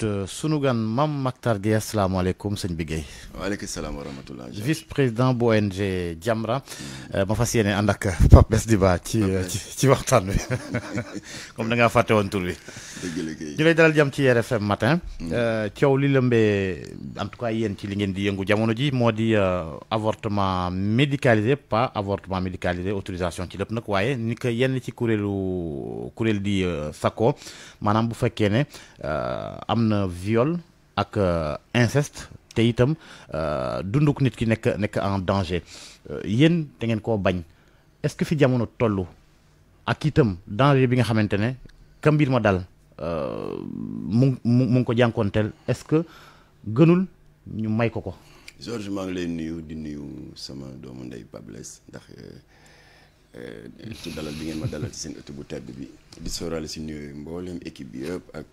Euh, Sunugan Mam Maktar Mactar assalamu asalaamaaleykum Seigne bi Guèye. waaleykum salaam wa rahmatulah. vice président bu ONG Jamra. Hmm. Euh, ma fas yéene ànd ak Pape Bes Diba euh, ci ci waxtaan comme da ngaa fàtte woon tour. bi. ñu lay dalal jàmm ci RFM matin. as hmm. li lëmbee en tout cas yéen ci li ngeen di yëngu jamono ji ma di avortement médicalisé pas avortement médicalisé autorisation ci lépp nag waaye ni ko yenn ci kuréelu kuréel di Sako, manam bu fekkee am naan viol ak euh, inceste te itam euh dunduk nit ki nek nek en danger euh, yéen da ngeen koo bañ est-ce que fi jamono toll ak itam danger bi nga xamantene ne ka ma dal euh mu ko jankontel est-ce que gënul ñu may ko ko. Georges mang ngi lay nuyu di nuyu sama doomu ndey Pablès ndax. Euh, euh ci dalal bi ngeen ma dalal ci sen ëtt bu tedd bi di sóoraale ci nuyu mboolem équipe bi yëpp ak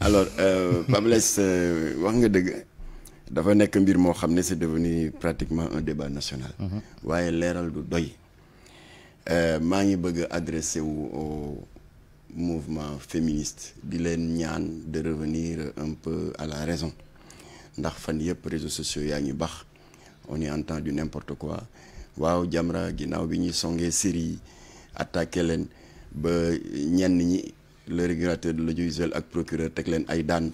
alors euh, Pabless euh, wax nga dëgg c'est devenu pratiquement un débat national. waaye leeral du doy. Euh, maa ngi bëgg au mouvement féministe Il est ñaan de revenir un peu à la raison ndax fan les réseaux sociaux sont ngi on est entendu n'importe quoi waaw Jamra ginnaaw bi ñuy songee Syrie l'en. leen ba ñenn le régulateur de l'audiovisuel le procureur Teklen Aydan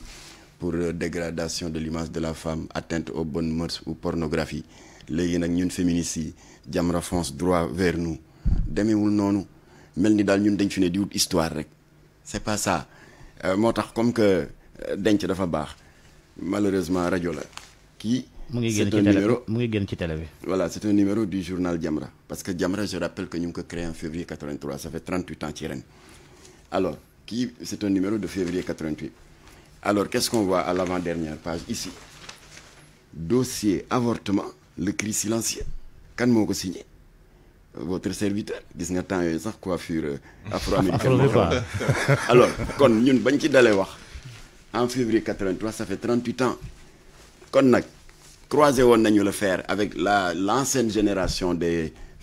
pour euh, dégradation de l'image de la femme atteinte aux bonnes mœurs ou pornographie Les féministes Jamra droit vers nous demeewul nous, mel ni une ñun fi pas histoire c'est pas ça Euh, comme que euh, denc dafa malheureusement radio. la mu numéro voilà c'est un numéro du journal Diamra. parce que Diamra, je rappelle que nous avons créé en février 83 ça fait 38 ans ci alors c'est un numéro de février 88. Alors, qu'est-ce qu'on voit à l'avant-dernière page ici Dossier avortement, le cri silencieux. Quand m'a signé votre serviteur gis nga temps yoy sax coiffure euh, afro-américaine alors kon ñun bañ ci en février 83 ça fait 38 ans kon a croisé won nañu le faire avec la l'ancienne génération des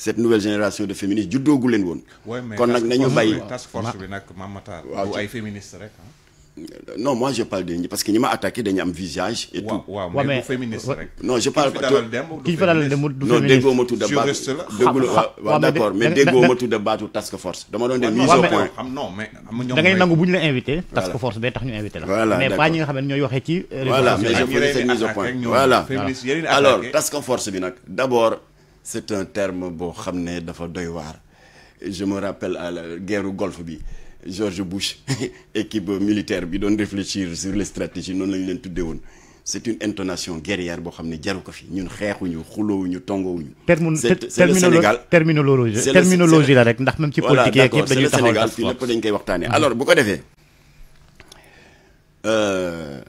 cette nouvelle génération de féministes juddoogu leen woon. kon nak nañu bàyyi task force bi nak Mamata ou ay féministes rek ah. non moi je parle de ñi parce que ñi ma attaqué dañu am visage. et tout ouais, mais du féministe rek. non je parle pas qui fa dalal dem du féministe non déggoo ma tout baatu Je reste là. D'accord, mais déggoo ma tudda baatu task force. dama don des mise au point non mais da ngay nangu buñ la invité. task force bee tax ñu invité la. mais pas ñi nga xam ñoy waxé ci. voilà mais je faisais mise au point voilà alors task force bi nak d'abord c'est un terme bon, xam dafa doy je me rappelle à la guerre golfe bi George Bush équipe militaire bi donne réfléchir sur les stratégies Non, non, non, leen tuddee c'est une intonation guerrière bo xamné ne fi ñun xeexuñu xuloowuñu tongoowuñu. c'est le Sénégal terminologie terminologie la rek ndax même ci politique yeeg yëpp dañuy taxaw Sénégal fii lepp dañ koy waxtané mm-hmm. alors bu ko euh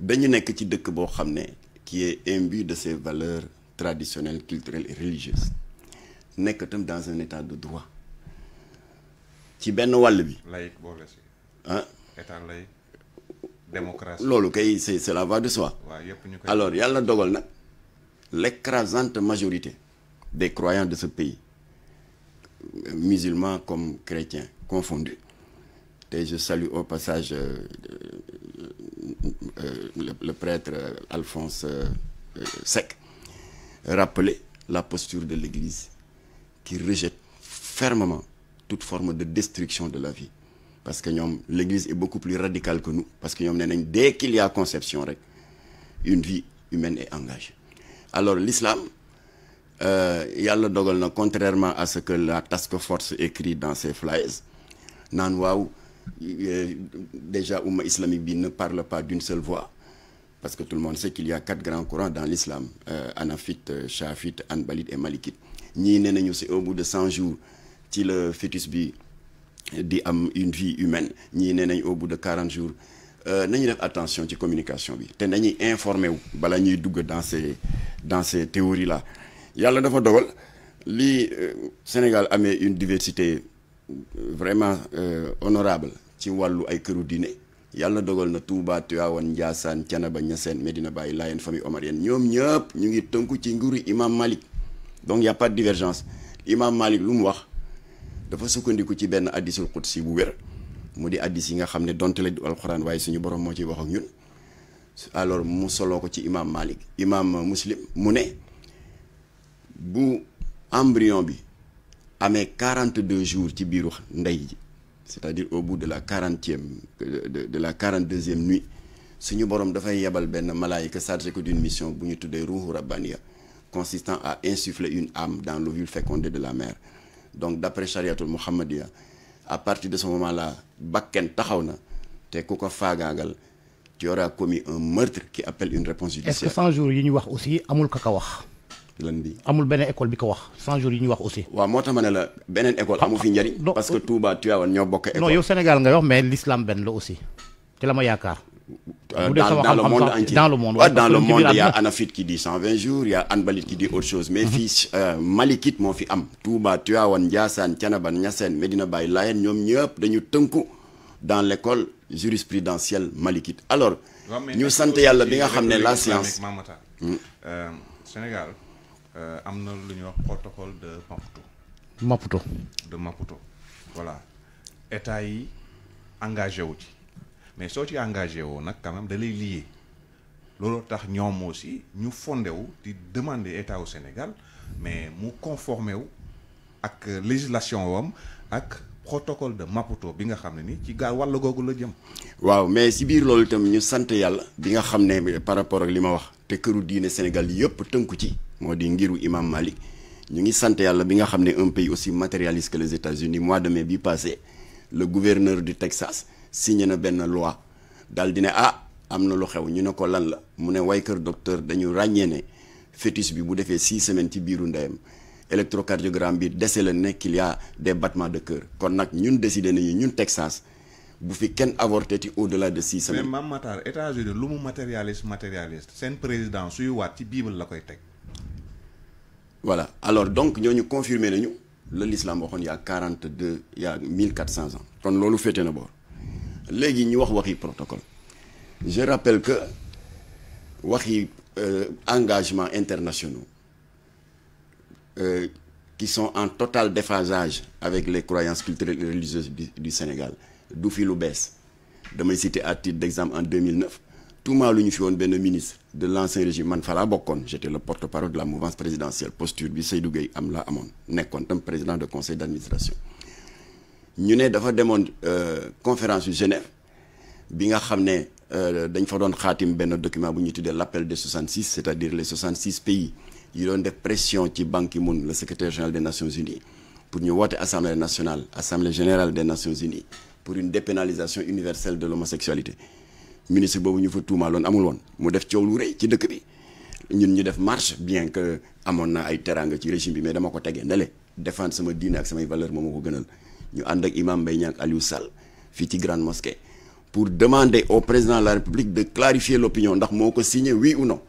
dañu nekk ci dëkk bo xamné qui est imbu de ses valeurs traditionnelle, culturelle et religieuse Nous sommes dans un état de droit ci ben démocratie. c'est la voie de soi. Alors, il y a alors yalla l'écrasante majorité des croyants de ce pays musulmans comme chrétiens confondus Et je salue au passage euh, euh, euh, le, prêtre Alphonse Sec rappeler la posture de l'Église qui rejette fermement toute forme de destruction de la vie. Parce que l'Église est beaucoup plus radicale que nous. Parce que dès qu'il y a conception, une vie humaine est engagée. Alors l'islam, euh, le contrairement à ce que la task force écrit dans ses flyers Nanwaou, euh, déjà umma ne parle pas d'une seule voix parce que tout le monde sait qu'il y a quatre grands courants dans l'islam euh, anafite, euh, shafite, et malikite. Ni euh, nee nañu au bout de 100 jours Si le fœtus bi une vie humaine Ni nee au bout de 40 jours nañu def attention la communication bi te informés dans ces dans ces théories là le dafa dogal Le euh, Sénégal a une diversité vraiment honorable ci wàllu ay yàlla dogal na Touba Tivaouane Ndiassane Thiénaba Niassène Medina Baye Layène famille omarienne ñoom ñëpp ñu ngi tënku ci nguuru imam Malik donc y a pas de divergence imam Malik lu mu wax dafa sukkandiku ci benn addisul qudsi bu wér mu di addis yi nga xam ne donte la du alxuraan waaye suñu borom moo ciy wax ak ñun alors mu soloo ko ci imam Malik imam Muslim mu ne bu embrion bi amee 42 jours ci biiru ndey c'est-à-dire au bout de la quarantième de la quarante deuxième nuit suñu borom dafay yebal ben malaayika chargé d'une mission consistant à insuffler une âme dans l'ovule fécondé de la mère donc d'après de muhammadiya à partir de ce moment là bakken tu auras commis un meurtre qui appelle une réponse judiciaire est-ce que 100 jours yi aussi amul ka lan bi amul école bi ko wax 100 jours yi ñu wax aussi waaw mota tax ma la école amu fi ñari parce que euh, Touba Tivaouane ño bokk école non yow Sénégal nga wax mais l'islam benn la aussi ci lama ma euh, dans, le monde entier dans le monde dans le monde il y a Anafit qui dit 120 jours il y a Anbalit qui dit autre chose mais mhm. fii euh, Malikit mo fi am Touba Tivaouane Ndiassane tianaban Niassène Medina Baye layen ñom de dañu tënku dans l'école jurisprudentielle malikite alors ñu sante yalla bi nga xamné la science hmm. Sénégal nous euh, avons protocole de Maputo. Maputo. de Maputo voilà état yi engagé wu mais soo ci engagé on a quand même da lay lier. aussi nous fondé wu di demander état au Sénégal mais mu conformé wu ak législation wam ak. protocole de Maputo bi nga ni ci gaa wàll googu mais si biir loolu itam ñu bi par rapport ak Sénégal moo ngiru imam Malik ñu ngi sant yalla bi nga xamné un pays aussi matérialiste que les États-Unis mois de mai bi passé le gouverneur du Texas signé na ben loi daal di ah amna lu xew ñu ne ko lan la mu ne way docteur dañu ragné né fœtus bi bu défé six semaines ci biiru ndayam électrocardiogramme bi le nek qu'il y a des battements de cœur kon nous ñun décidé né ñun Texas bu fi ken avorté ci au-delà de six semaines. mais Matar États-Unis lu mu matérialiste matérialiste sen président suy wat ci bible la koy teg voilà alors donc nous avons confirmé que l'islam il y a 42 il y a 1400 ans protocole je rappelle que les euh, engagements internationaux euh, qui sont en total déphasage avec les croyances culturelles et religieuses du, Sénégal Doufilou Bess, de je citer à titre d'exemple en 2009 tout le monde a ministre de l'ancien régime man Fala j'étais le porte-parole de la mouvance présidentielle posture bi Seydou Gueye Amon, Amon, président de conseil d'administration Nous sommes dafa demoon euh, conférence de Genève bi nga xamné euh, dañ fa document bu l'appel des 66 c'est-à-dire les 66 pays yi doon des pression ci Ban Ki-moon le secrétaire général des Nations Unies pour ñu assemblée nationale assemblée générale des Nations Unies pour une dépénalisation universelle de l'homosexualité ministre boobu ñu fa tuumaaloon amul woon mu def coow lu rëy ci dëkk bi ñun ñu def marche bien que amoon na ay teraanga ci régime bi mais dama ko tegee ndale défendre sama diine ak samay valeur moo ma ko gënal ñu ànd ak imam Mbaye Niang ak Aliou Sall fii ci grande mosquée pour demander au président de la république de clarifier l'opinion ndax moo ko signé oui ou non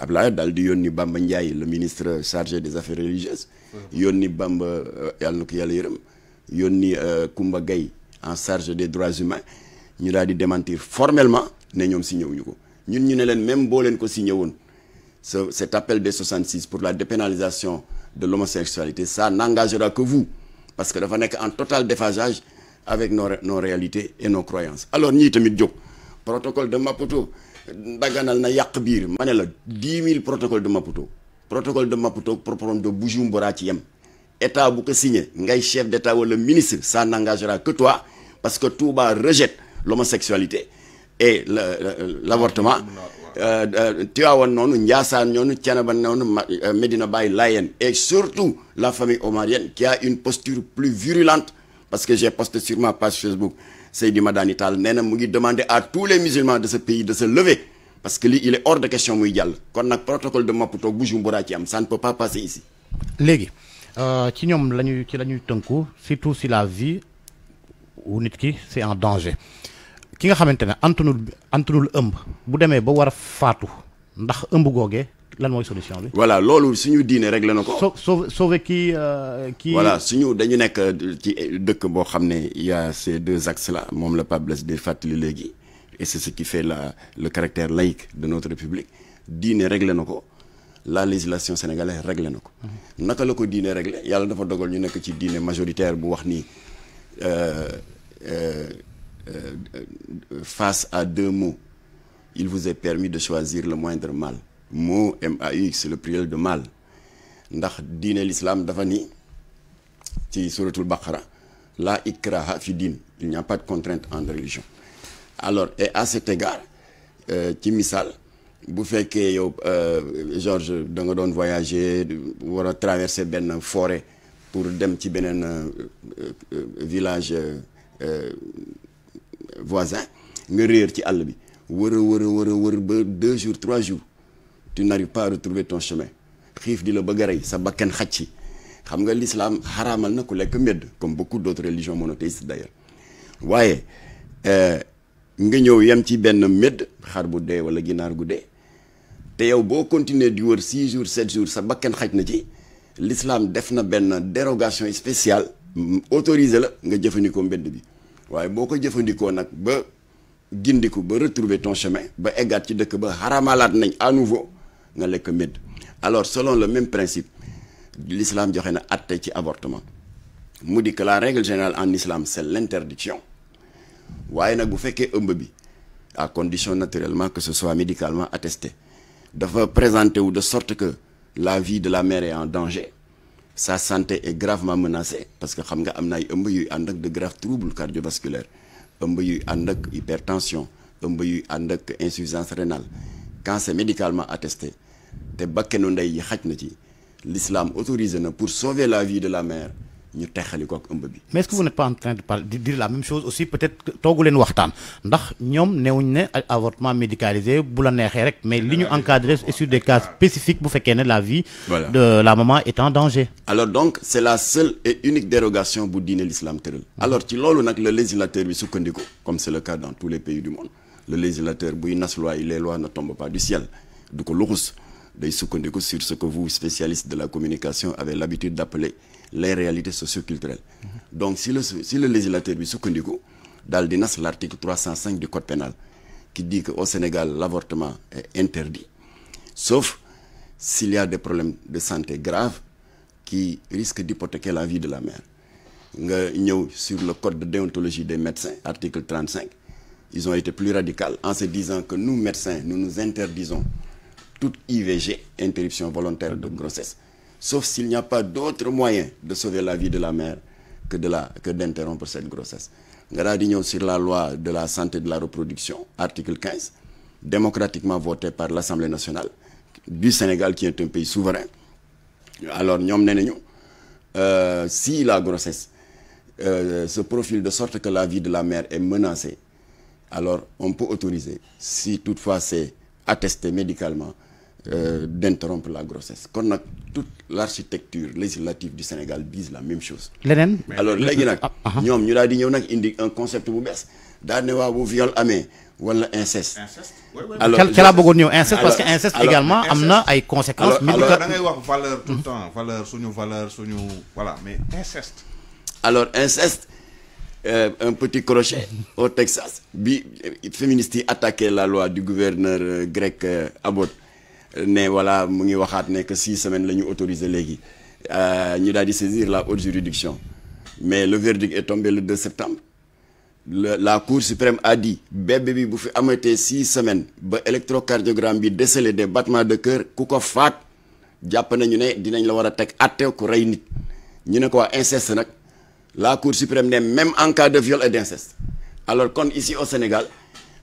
Abdoulaye daal di yónni Bamba Ndiaye le ministre chargé des affaires religieuses yónni Bamba euh, yàlla na ko yàlla yërëm yónni Koumba euh, Gaye en charge des droits humains ñu daal di démentir formellement ne ñom signé wuñu ñun ñu même ko signé cet appel de 66 pour la dépénalisation de l'homosexualité ça n'engagera que vous parce que vous êtes en total déphasage avec nos réalités et nos croyances alors ñi tamit jóg protocole de Maputo daganal na yak bir manela 10000 10 000 protocole de Maputo protocole de Maputo problème de Bujumbura ci yem état bu ko signé ngay chef d'état le ministre ça n'engagera que toi parce que Touba rejette l'homosexualité et l'avortement Medina Baye lion. et surtout la famille omarienne qui a une posture plus virulente parce que j'ai posté sur ma page Facebook C'est du madame Ital, Mais je demander à tous les musulmans de ce pays de se lever parce que il est hors de question Quand on kon le protocole de Maputo Bujumbura ci am ça ne peut pas passer ici. léegi euh, ci ñoom lañuy ci la surtout si la vie c'est en danger ki nga xamantene ne antunul antunul ëmb bu demee ba war a faatu ndax ëmb googee lan moy solution bi. voilà loolu suñu diiné rek la na ko. sauve sauve kii euh, voilà suñu dañu nek euh, ci dëkk bo xamné il y a ces deux axes là mom le Pape Blaise di fàttali légui et c'est ce qui fait la le caractère laïque de notre république diiné réglé na ko la législation sénégalaise réglé nako ko. Mm-hmm. naka la ko réglé yàlla dafa dogal ñu nek ci diiné majoritaire bu wax ni euh euh euh, euh, face à deux mots, il vous est permis de choisir le moindre mal. Mot m a x le prix de mal. ndax dîner l'islam dafa ni ci suratul baqara la ikraha fi din il n'y a pas de contrainte en religion alors et à cet égard euh, ci vous faites que Georges da voyager traverser une forêt pour dem ci village voisin nga réer ci all bi wëre wëre wëre wëre ba deux jours trois jours tu n'arrives pas à retrouver ton chemin xiif di la bëgg rey sa bakkan xaj ci xam nga l'islam haramal na ku lekk medd comme beaucoup d'autres religions monothéistes d'ailleurs waaye euh, nga ñëw yem ci benn medd xar bu dee wala ginaar gu dee te yow boo continuer di wër six jours sept jours sa bakkan xaj na ci l'islam def na benn dérogation spéciale autorisé la nga jëfandikoo mbedd bi waaye boko ko nak ba gindiku ba retrouver ton chemin ba eggaat ci dëkk ba haramalat nañ à nouveau nga lek med. alors selon le même principe l'islam a na ci avortement mu dit que la règle générale en islam c'est l'interdiction Waye nak bu ëmb bi à condition naturellement que ce soit médicalement attesté dafa présenter ou de sorte que la vie de la mère est en danger sa santé est gravement menacée parce que xam a am de graves troubles cardiovasculaires une hypertension d'insuffisance rénale. insuffisance rénale c'est médicalement attesté l'islam autorise pour sauver la vie de la mère mais est-ce que vous n'êtes pas en train de dire la même chose aussi peut-être vous vous waxtaan ndax nous avons un avortement médicalisé bu la rek mais nous ñu est sur des cas spécifiques pour faire que la vie. de la maman est en danger. alors donc c'est la seule et unique dérogation pour diine l'islam tëral. Mm-hmm. alors ci loolu que le législateur comme c'est le cas dans tous les pays du monde le législateur loi les lois ne tombent pas du ciel Donc ko luxus day sur ce que vous spécialistes de la communication avez l'habitude d'appeler les réalités socioculturelles donc si le si le législateur du sukkandiku dans l'article 305 du code pénal qui dit que au Sénégal l'avortement est interdit sauf s'il y a des problèmes de santé graves qui risquent d'hypothéquer la vie de la mère sur le code de déontologie des médecins article 35 ils ont été plus radicaux en se disant que nous médecins nous nous interdisons toute IVG interruption volontaire de grossesse sauf s'il n'y a pas d'autre moyen de sauver la vie de la mère que de la que d'interrompre cette grossesse Graduons sur la loi de la santé et de la reproduction article 15 démocratiquement voté par l'Assemblée nationale du Sénégal qui est un pays souverain alors euh, si la grossesse euh, se profile de sorte que la vie de la mère est menacée alors on peut autoriser si toutefois c'est attesté médicalement euh, d'interrompre la grossesse Quand toute l'architecture législative du Sénégal vise la même chose alors là, nag ah, ah, ah. ñoom ñu di un concept bu est daal ne bu viol ou wala inceste alors inceste parce que également a des ay conséquences alors da ngay wax valeur tout le hmm. temps valeur suñu valeur suñu voilà mais inceste alors inceste euh, un petit crochet au Texas. Bi, euh, féministes attaquaient la loi du gouverneur grec euh, Abbott. Mais voilà mu ngi waxaat que six semaines nous avons autorisé euh, ñu dit saisir la haute juridiction mais le verdict est tombé le 2 septembre la cour suprême a dit bébé bi bu fi six semaines ba électrocardiogramme bi décelé des battements de cœur coucou, fat, faat nañu né dinañ la wara tek atté ku nit ñu né inceste la cour suprême ne même en cas de viol et d'inceste alors qu'ici ici au Sénégal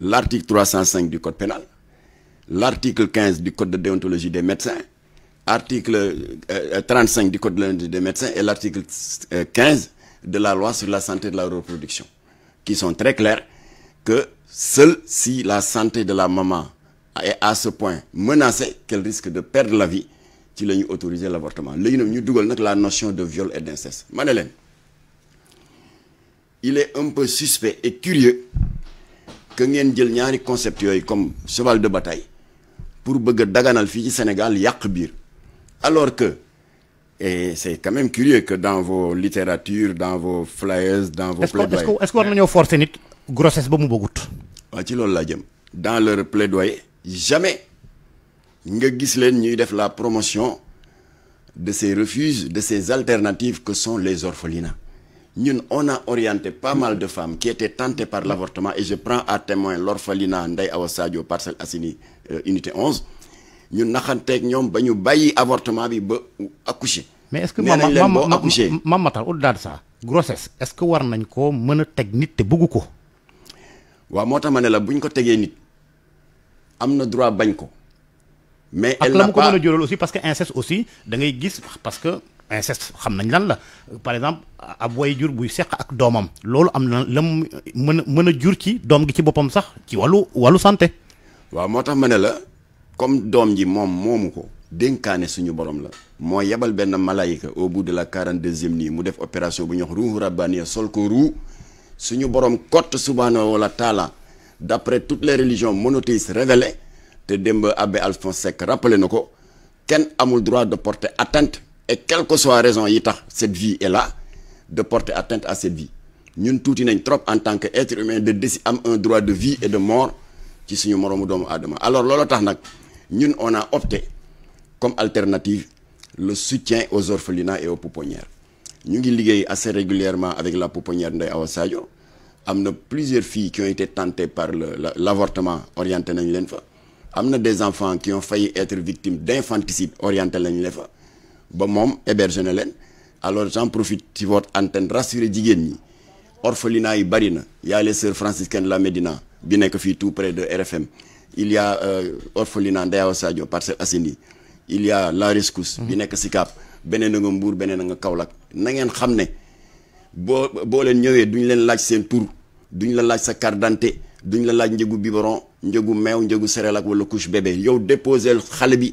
l'article 305 du Code pénal, l'article 15 du Code de déontologie des médecins, article 35 euh, du Code de déontologie des médecins et l'article 15 euh, de la loi sur la santé de la reproduction, qui sont très clairs que seule si la santé de la maman est à ce point menacée qu'elle risque de perdre la vie, tu l'as autorisé l'avortement nous nous la notion de viol et d'inceste Madeleine, il est un peu suspect et curieux que nous jël ñaari concept comme cheval de bataille pour bëgg daganal fii ci Sénégal yàq alors que et c'est quand même curieux que dans vos littératures dans vos flyers dans vos plaidoyers est-ce que war nañoo forcer nit grossesse dans leur plaidoyer jamais nga gis leen la promotion de ces refuges de ces alternatives que sont les orphelinats nous on a orienté pas mal de femmes qui étaient tentées par l'avortement et je prends à témoin l'orphelinat Ndeye Awasadio parcelle Assini, euh, unité 11 Nous avons ñoom un ñu avortement bi accoucher. mais est-ce que Mame Maman, au-delà de ça grossesse est-ce que war nañ ko mën technique de nit te bëggu ko. waaw moo la bu ñu ko tegee nit am droit bañ ko. mais elle n'a pas ak aussi parce que l'inceste aussi da ngay gis parce que inceste xam nañ lan la par exemple ab way jur buy seq ak doomam loolu am na la mu mën mën a jur ci doom gi ci boppam sax ci walu walu santé waaw moo tax ma ne la comme doom ji moom moomu ko dénkaane suñu borom la moo yebal benn malaika au bout de la quarante deuxième nuit mu def opération bu ñuy wax ruuhu rabbaniya sol ko ruu suñu borom kott subhanahu wa taala d'après toutes les religions monothéistes révélées te démb abbé Alphonse Seck rappelé na ko kenn amul droit de porter atteinte et quelle que soit la raison cette vie est là de porter atteinte à cette vie Nous, tout trop en tant que humain de un droit de vie et de mort qui suñu alors nous tax on a opté comme alternative le soutien aux orphelinats et aux pouponnières Nous avons assez régulièrement avec la pouponnière de Awa Sadio plusieurs filles qui ont été tentées par l'avortement orienté nañ Il des enfants qui ont failli être victimes d'infanticide orienté dans ba moom héberge na alors j'en profite ci votre antenne rassurer jigéen ñi orphelinat yi Barina, il y a les sœurs franciscaines la Médina bi que fii tout près de RFM il y a euh, orphelinat Ndeyaw Sadio Parcelles Assainies il y a la Rescousse bi nekk Sicap beneen a nga Mbour beneen a nga Kaolack na ngeen xam ne boo boo leen ñëwee duñ leen laaj seen tur duñ la laaj sa carte duñ la laaj njëgu biberon njëgu Mew, njëgu céréal ak wala couche bébé yow déposel xale bi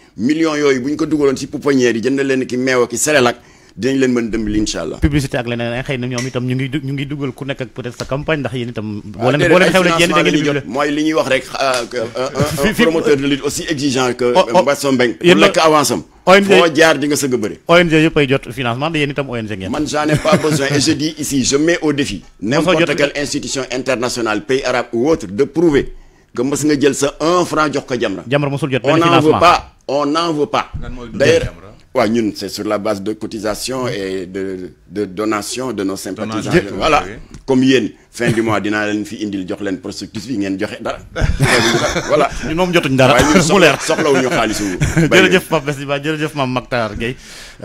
millions yoy buñ ko dugaloon ci pouponnière yi jënd leen ki meew ki selel ak dinañ leen mën dëmbali inshallah publicité ak leneen ay xëy na ñoom itam ñu ngi ñu ngi dugal ku nekk ak peut-être sa campagne ndax yéen itam bo leen ah, bo leen xewle yéen da ngeen jot moy li ñuy wax rek ah, un promoteur de lutte aussi exigeant que Mbasso Mbengue pour lekk avance am ONG jaar di nga sëgg bëri ONG yëpp ay jot financement da yéen itam ONG ngeen man j'en ai pas besoin et je dis ici je mets au défi n'importe quelle institution internationale pays arabe ou autre de prouver que nga jël sa 1 franc jox ko Jamra. Jamra musul jot benn financement on n'en veut pas on n'en veut pas. d'ailleurs waaw ñun c'est sur la base de cotisation et de de donation de nos sympathisants. voilà comme yéen fin du mois dina leen fi indil jox leen prospectus bi ngeen joxe dara. voilà ñu moom jotuñ dara. mu leer waaye ñun soxlawuñu xaalisu. jërëjëf Pape Bessi Ba jërëjëf Mame Mactar Guèye.